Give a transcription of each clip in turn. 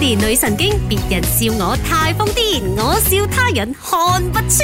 年女神經，別人笑我太瘋癲，我笑他人看不穿。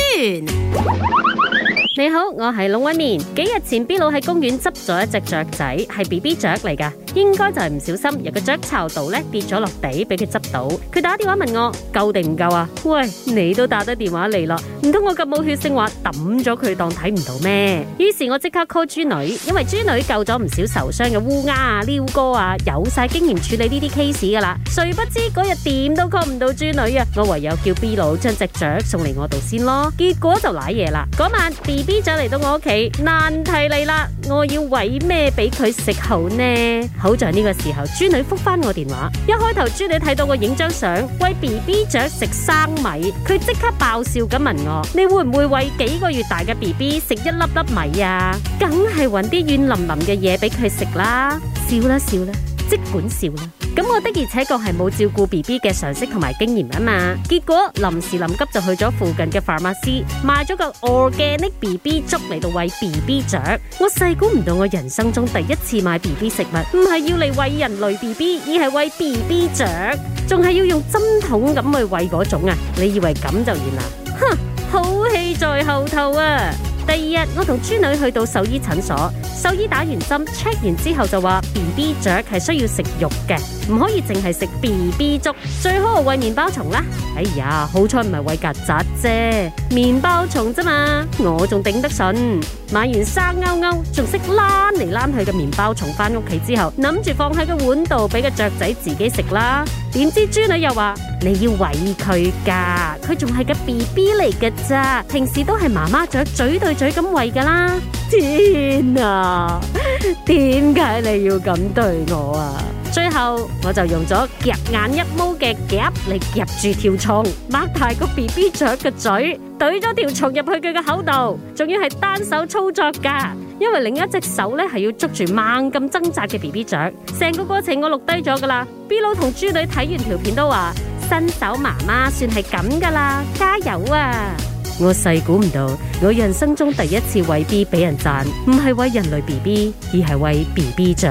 你好，我係龍紋敏。幾日前，B 佬喺公園執咗一隻雀仔，係 B B 雀嚟㗎。應該就係唔小心，由個雀巢度咧跌咗落地，俾佢執到。佢打電話問我夠定唔夠啊？喂，你都打得電話嚟咯？唔通我咁冇血性話，話抌咗佢當睇唔到咩？於是我即刻 call 豬女，因為豬女救咗唔少受傷嘅烏鴉啊、鷯哥啊，有晒經驗處理呢啲 case 噶啦。誰不知嗰日點都 call 唔到豬女啊？我唯有叫 B 佬將隻雀送嚟我度先咯。結果就瀨嘢啦。嗰晚、D、B B 仔嚟到我屋企，難題嚟啦，我要餵咩俾佢食好呢？好在呢個時候，豬女覆翻我電話，一開頭豬女睇到我影張相餵 B B 雀食生米，佢即刻爆笑咁問我：你會唔會餵幾個月大嘅 B B 食一粒粒米啊？梗係搵啲軟腍腍嘅嘢俾佢食啦，笑啦笑啦，即管笑啦。咁我的而且確係冇照顧 B B 嘅常識同埋經驗啊嘛，結果臨時臨急就去咗附近嘅 pharmacy 買咗個 organic B B 粥嚟到餵 B B 鳥，我細估唔到我人生中第一次買 B B 食物唔係要嚟餵人類 B B，而係餵 B B 鳥，仲係要用針筒咁去餵嗰種啊！你以為咁就完啦？哼，好戲在後頭啊！第二日，我同豬女去到獸醫診所，獸醫打完針 check 完之後就話，B B 雀係需要食肉嘅，唔可以淨係食 B B 粥，最好係餵麵包蟲啦。哎呀，好彩唔係餵曱甴啫，麵包蟲啫嘛，我仲頂得順。買完生勾勾，仲識拉嚟拉去嘅麵包蟲翻屋企之後，諗住放喺個碗度，俾個雀仔自己食啦。點知豬女又話，你要餵佢噶，佢仲係個 B B 嚟噶咋，平時都係媽媽雀嘴對嘴咁餵噶啦。天啊，點解你要咁對我啊？最後我就用咗夾眼一毛嘅夾嚟夾住條蟲，擘大個 B B 雀嘅嘴，懟咗條蟲入去佢嘅口度，仲要係單手操作噶，因為另一隻手咧係要捉住猛咁掙扎嘅 B B 雀。成個過程我錄低咗噶啦，B 佬同豬女睇完條片都話，新手媽媽算係咁噶啦，加油啊！我細估唔到，我人生中第一次喂 B 俾人讚，唔係喂人類 B B，而係喂 B B 雀。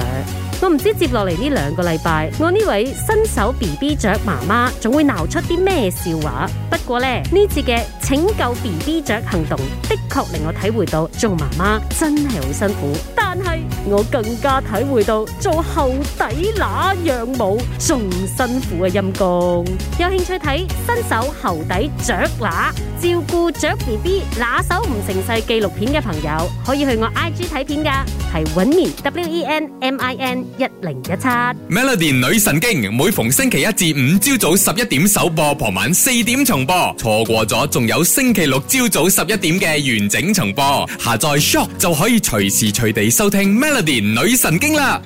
我唔知接落嚟，呢兩個禮拜，我呢位新手 B B 雀媽媽總會鬧出啲咩笑話。不過呢，呢次嘅拯救 B B 雀行動的確令我體會到做媽媽真係好辛苦。但係我更加體會到做後底乸養母仲辛苦嘅陰功。陰有興趣睇新手後底雀乸照顧雀 B B 乸手唔成世紀錄片嘅朋友。可以去我 IG 睇片㗎，係揾綿 W E N M I N 一零一七。Melody 女神經每逢星期一至五朝早十一點首播，傍晚四點重播，錯過咗仲有星期六朝早十一點嘅完整重播。下載 Shock 就可以隨時隨地收聽 Melody 女神經啦。